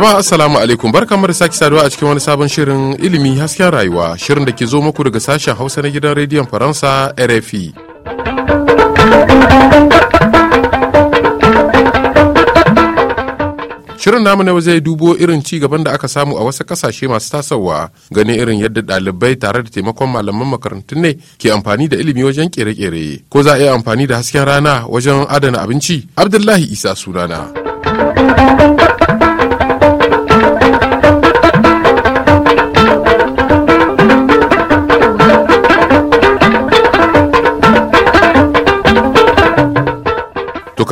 Jama'a Assalamu alaikum barkamu da sake saduwa a cikin wani sabon shirin ilimi hasken rayuwa shirin da ke zo muku daga sashen Hausa na gidan rediyon Faransa RFI. Shirin namu na zai dubo irin ci gaban da aka samu a wasu kasashe masu tasowa ganin irin yadda dalibai tare da taimakon malaman makarantun ne ke amfani da ilimi wajen kere-kere ko za a yi amfani da hasken rana wajen adana abinci Abdullahi Isa sunana.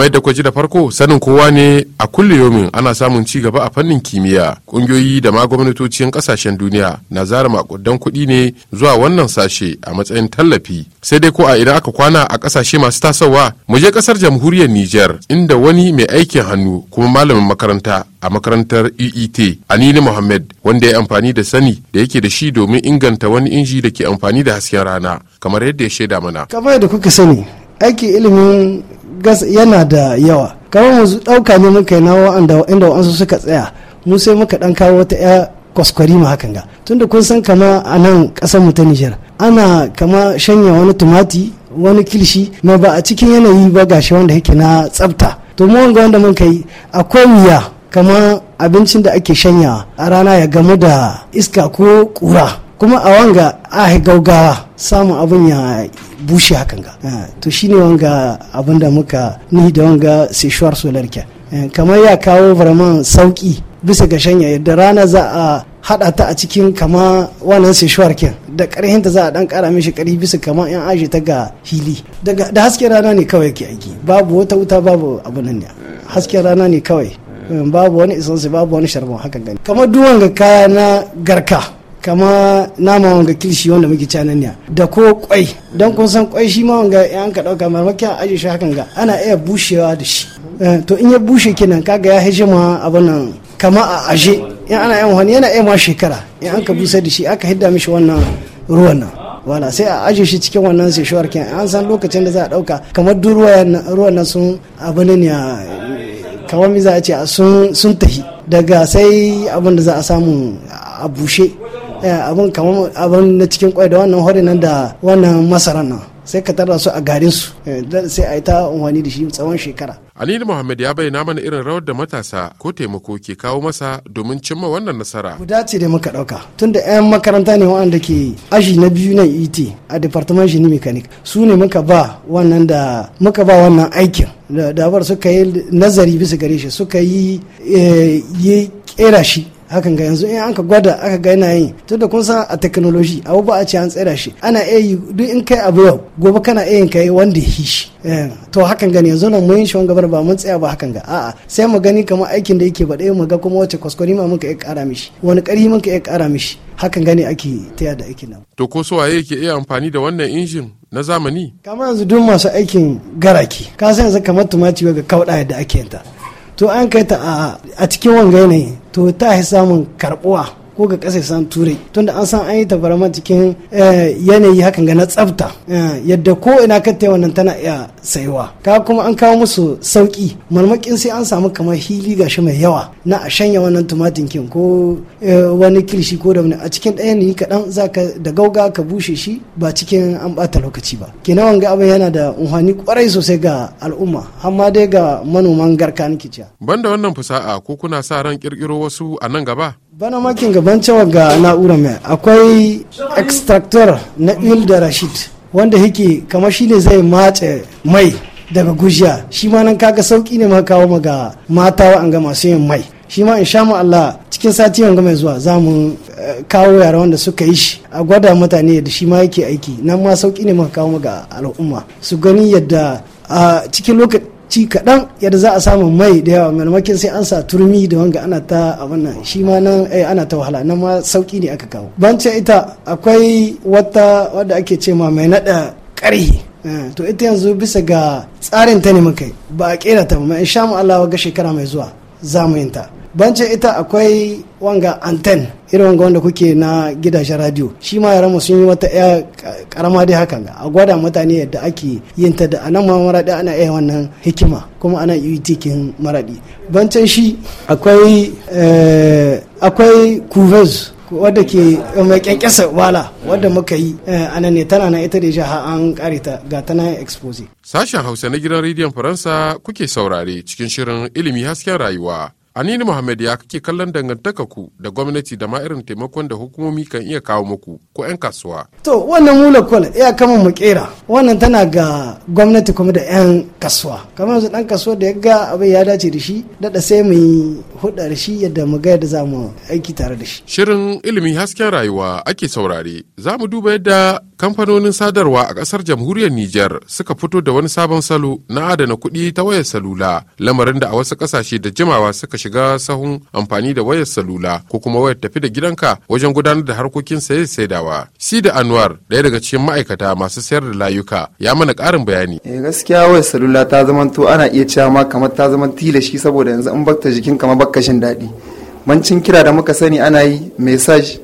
kamar yadda kwaji da farko sanin kowa ne a kulle yomin ana samun ci gaba a fannin kimiyya kungiyoyi da ma gwamnatocin kasashen duniya na zara makudan kuɗi ne zuwa wannan sashe a matsayin tallafi sai dai ko a idan aka kwana a kasashe masu tasowa mu je kasar jamhuriyar Nijar inda wani mai aikin hannu kuma malamin makaranta a makarantar EET Anini muhammad wanda ya amfani da sani da yake da shi domin inganta wani inji da ke amfani da hasken rana kamar yadda ya shaida mana kamar yadda kuka sani aikin ilimin gas yana da yawa kamar mu ɗauka ne muka yi na wa'anda inda wa'ansu suka tsaya mu sai muka dan kawo wata 'ya kwaskwari ma hakan ga tunda kun san kama a nan ƙasar mu ta Nijar ana kama shanya wani tumati wani kilishi ma ba a cikin yanayi ba gashi wanda yake na tsafta to mu wanga wanda mun kai akwai wuya kama abincin da ake shanya a rana ya gamu da iska ko kura kuma a wanga a gaugawa samun abin ya bushe hakan ga eh, to shine wanga abin da muka ni da wanga seshuwar solar ke eh, kamar ya kawo vraiment sauki bisa ga shanya yadda rana za a hada ta a cikin kama wannan seshuwar ken da karhin ta za a dan kara mishi kari bisa kama yan aji ta ga hili da hasken rana ne kawai ke aiki babu wata wuta babu abin nan ne hasken rana ne kawai eh, babu wani isansu babu wani sharbon hakan gani kamar duwan ga kaya na garka kama nama wanga kilishi wanda muke canan ne da ko kwai don kun san kwai shi ma wanga an ka dauka marmaki a aje shi hakan ga ana iya bushewa da shi eh, to in ya bushe kenan kaga ya hije ma abin nan kama a aje in ana yan wani yana iya ma shekara in an ka busa da shi aka hidda mishi wannan ruwan nan wala sai a aje shi cikin wannan sai shuwar kenan an san lokacin da za a dauka kamar duk ruwan nan sun abin ne kawai za a ce sun tafi daga sai abin da za a samu a bushe Eh, abin kamar abin na cikin kwai da wannan hori nan da wannan masaran nan sai ka tara su a garin su eh, sai a yi ta unwani da shi tsawon shekara. Aliyu Muhammad ya bayyana mana irin rawar da matasa ko taimako ke kawo masa domin cimma wannan nasara. Guda ce da muka ɗauka tunda 'yan makaranta ne wa'anda ke aji na biyu na IT e a Department Jini Mechanic su ne muka ba wannan da muka ba wannan aikin da dabar suka yi nazari bisa gare shi suka yi kera eh, shi hakan ga yanzu in an ka gwada aka ga yana yi to da kun san a technology abu ba a ce an tsira shi ana iya yi duk in kai abu yau gobe kana iya yin kai wanda ya shi eh, to hakan gani yanzu nan mun shugaban gabar ba mun tsaya ba hakan ga a'a sai mu gani kamar aikin da yake baɗe mu ga kuma wace kwaskwari ma muka iya ƙara mishi wani ƙarfi muka iya ƙara mishi hakan gani ake taya da aikin nan. To ko waye ke iya amfani da wannan injin na zamani? Kamar yanzu duk masu aikin garaki ka san yanzu kamar tumaci ga kauɗa da ake yanta To an kai ta a cikin wanga yanayi to ta samun karbuwa ko ga kasashen turai tunda an san an yi tabarama cikin eh, yanayi hakan ga na tsafta eh, yadda ko ina ka ta wannan tana iya saiwa ka kuma an kawo musu sauki marmakin sai an samu kamar hili gashi mai yawa na a shanya wannan tumatin kin ko eh, wani kilishi ko da wani a cikin ɗaya ne kaɗan za ka da gauga ka bushe shi ba cikin an ɓata lokaci ba kenan wanga abin yana da umhani kwarai sosai ga al'umma amma dai ga manoman garka nake banda wannan fasaha ko kuna sa ran kirkiro wasu a nan gaba bana makin gaban cewa ga na'ura mai akwai extractor na il da rashid wanda yake kamar shi ne zai matse mai daga gujiya shi ma nan kaga sauki ne ma kawo ga mata ga masu yin mai shi ma insha Allah cikin sati wanga mai zuwa za mu eh, kawo yara wanda suka yi shi a gwada mutane da shi ma yake aiki nan ma sauki ne ma kawo ga al'umma su gani yadda a cikin lokaci ci kaɗan yadda za a samu mai da yawa maimakon sai an sa turmi da wanga ana ta abin nan shi ma nan eh, ana ta wahala nan ma sauki ne aka kawo ce ita akwai wata wadda ake ce ma mai naɗa ƙarhi eh, to ita yanzu bisa ga tsarin ta ne muka ba a ƙera ta ba in sha mu Allah ga shekara mai zuwa za mu yin ta bancin ita akwai wanga anten irin wanga wanda kuke na gidajen radio shi ma yaran sun yi wata ya karama dai haka a gwada mutane yadda ake yin ta da anan ma maradi ana iya wannan hikima kuma ana yi tikin maradi bancin shi akwai eh, akwai wadda ke eh, mai kyankyasa wala wadda muka yi eh, a nan ne tana na ita da jiha an karita ga tana expose. Sashen Hausa na gidan rediyon Faransa kuke saurare cikin shirin ilimi hasken rayuwa Anini Muhammad ya kake kallon dangantaka ku da gwamnati da ma irin taimakon da hukumomi kan iya kawo muku ko 'yan kasuwa. To wannan mula kwal iya kama mu kera wannan tana ga gwamnati kuma da 'yan kasuwa. Kamar yanzu dan kasuwa da ya ga abin ya dace da shi daɗa sai mu yi hudda da shi yadda mu ga yadda za mu aiki tare da shi. Shirin ilimi hasken rayuwa ake saurare za mu duba yadda kamfanonin sadarwa a ƙasar jamhuriyar Nijar suka fito da wani sabon salo na adana kuɗi ta wayar salula lamarin da a wasu ƙasashe da jimawa suka shiga sahun amfani da wayar salula ko kuma wayar tafi da gidanka wajen gudanar da harkokin saye saidawa. Si da Anwar ɗaya daga cikin ma'aikata masu sayar da layuka ya mana ƙarin bayani. Eh gaskiya wayar salula ta to ana iya cewa ma kamar ta zama tilashi saboda yanzu in bakta jikin kamar bakkashin daɗi. Mancin kira da muka sani ana yi message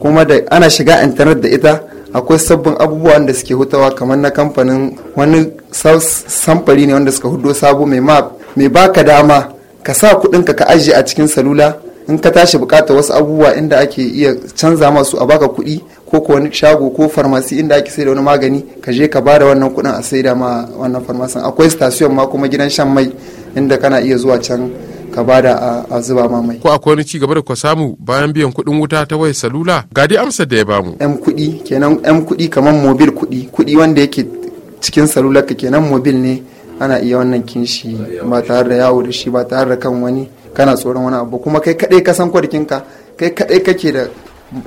kuma da ana shiga intanet da ita akwai sabbin abubuwan da suke hutawa kamar na kamfanin wani samfari ne wanda suka hudo sabo mai baka dama ka sa kuɗinka ka ajiye a cikin salula in ka tashi bukatar wasu abubuwa inda ake iya canza masu a baka kuɗi ko ko wani shago ko farmasi inda ake sai da wani magani ka je ka bada wannan kuɗin a saida ma wannan farmasin akwai station ma kuma gidan shan mai inda kana iya zuwa can ka bada a zuba ma mai ko akwai wani ci gaba da ka samu bayan biyan kuɗin wuta ta wayar salula ga dai amsar da ya bamu yan kuɗi kenan yan kuɗi kamar mobil kuɗi kuɗi wanda yake cikin salular ka kenan mobil ne ana iya wannan kinshi ba tare da yawo da shi ba tare da kan wani kana tsoron wani abu kuma kai kadai ka san kwadikinka kai kadai kake da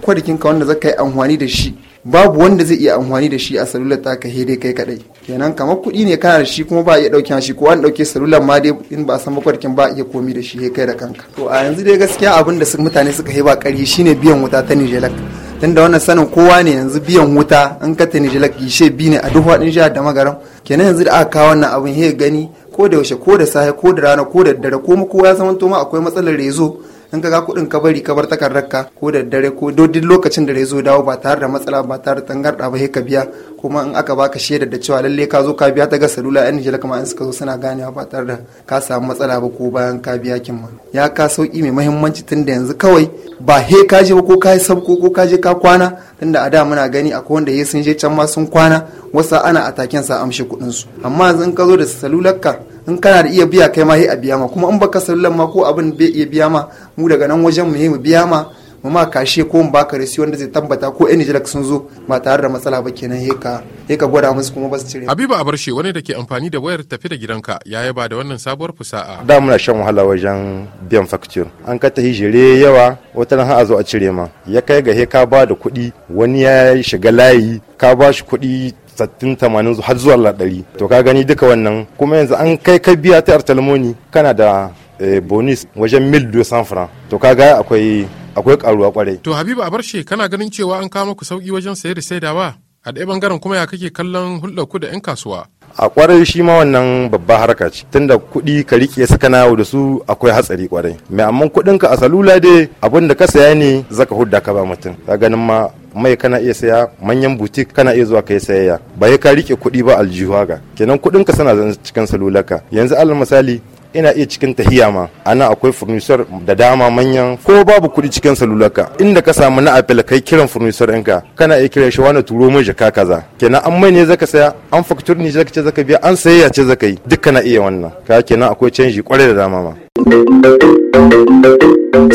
kwadikinka wanda zaka yi amfani da shi babu wanda zai iya amfani da shi a salular ta ka hede kai kadai kenan kamar kuɗi ne kana da shi kuma ba iya ɗauki shi ko an ɗauke salular ma dai in ba san makwarkin ba iya komi da shi kai da kanka to a yanzu dai gaskiya abin da mutane suka yi ba ƙari shine biyan wuta ta nijelak tunda wannan sanin kowa ne yanzu biyan wuta in ka tani jilak gishe bi ne a duk faɗin jiha da magaran kenan yanzu da aka kawo wannan abin he gani ko da yaushe ko da safe ko da rana ko da dare ko kowa ya zama to ma akwai matsalar rezo in ka ga kuɗin ka bari ka bar takardar ka ko da dare ko duk lokacin da ya zo dawo ba tare da matsala ba tare da tangarɗa ba ka biya kuma in aka baka shaidar da cewa lalle ka zo ka biya ta ga salula yan nijila kamar in suka zo suna ganewa ba tare da ka samu matsala ba ko bayan ka biya kin ma ya ka sauki mai mahimmanci da yanzu kawai ba he ka je ba ko ka yi sabko ko ka je ka kwana tunda a da muna gani akwai wanda ya sun je can ma sun kwana wasa ana a takin sa amshi kuɗin su amma yanzu in ka zo da salular ka in kana da iya biya kai ma a biya ma kuma in baka sallan ma ko abin bai iya biya ma mu daga nan wajen mu mu biya ma mu ma kashe ko mu baka resi wanda zai tabbata ko yan Nijar sun zo ba tare da matsala ba kenan heka ka gwada musu kuma ba su cire Habiba Abarshe wani da ke amfani da wayar tafi da gidanka ya ba da wannan sabuwar fusa'a da muna shan wahala wajen biyan facture an ka hijire yawa wata na a zo a cire ma ya kai ga ka ba da kuɗi wani ya shiga layi ka ba shi kuɗi sattin tamanin har zuwa ɗari to ka gani duka wannan kuma yanzu an kai ka biya ta artalmoni kana da eh, bonus wajen mil 200 franc to ga akwai akwai karuwa kwarai to habibu abarshe kana ganin cewa an kawo maku sauki wajen sayar da saidawa a ɗaya bangaren kuma ya kake kallon hulɗar ku da 'yan kasuwa a kwarai shi ma wannan babba harka ce tunda kuɗi ka rike saka nawo da su akwai hatsari kwarai mai amma kuɗin ka a salula dai abin da ka saya ne zaka hudda ka ba mutum ka ganin ma mai kana iya saya manyan butik kana iya zuwa kai sayayya ba ya ka rike kuɗi ba aljihu haka kenan kuɗin ka sana zan cikin salulaka yanzu alal misali ina iya cikin tahiya ma ana akwai furnisar da dama manyan ko babu kuɗi cikin salulaka inda ka samu na apple kai kiran furnisar ɗinka kana iya kiran shi wani turo mai jaka kaza kenan an mai ne zaka saya an faktur ne zaka ce zaka biya an sayayya ce zaka yi duk kana iya wannan ka kenan akwai canji kwarai da dama ma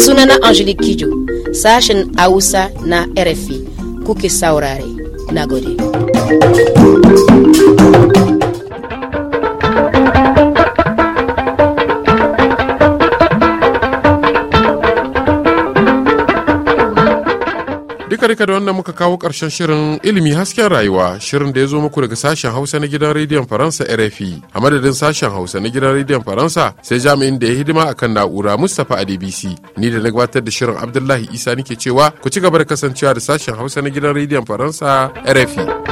sunana angelique kijo sashen hausa na rfi kuke saurare. Na haka rika da wannan muka kawo ƙarshen shirin ilimi hasken rayuwa shirin da ya zo muku daga sashen hausa na gidan rediyon faransa rfi a madadin sashen hausa na gidan rediyon faransa sai jami'in da ya hidima akan na'ura mustapha adebisi ni da na gabatar da shirin abdullahi isa nike cewa ku ci gaba da kasancewa da sashen hausa na gidan rediyon faransa rfi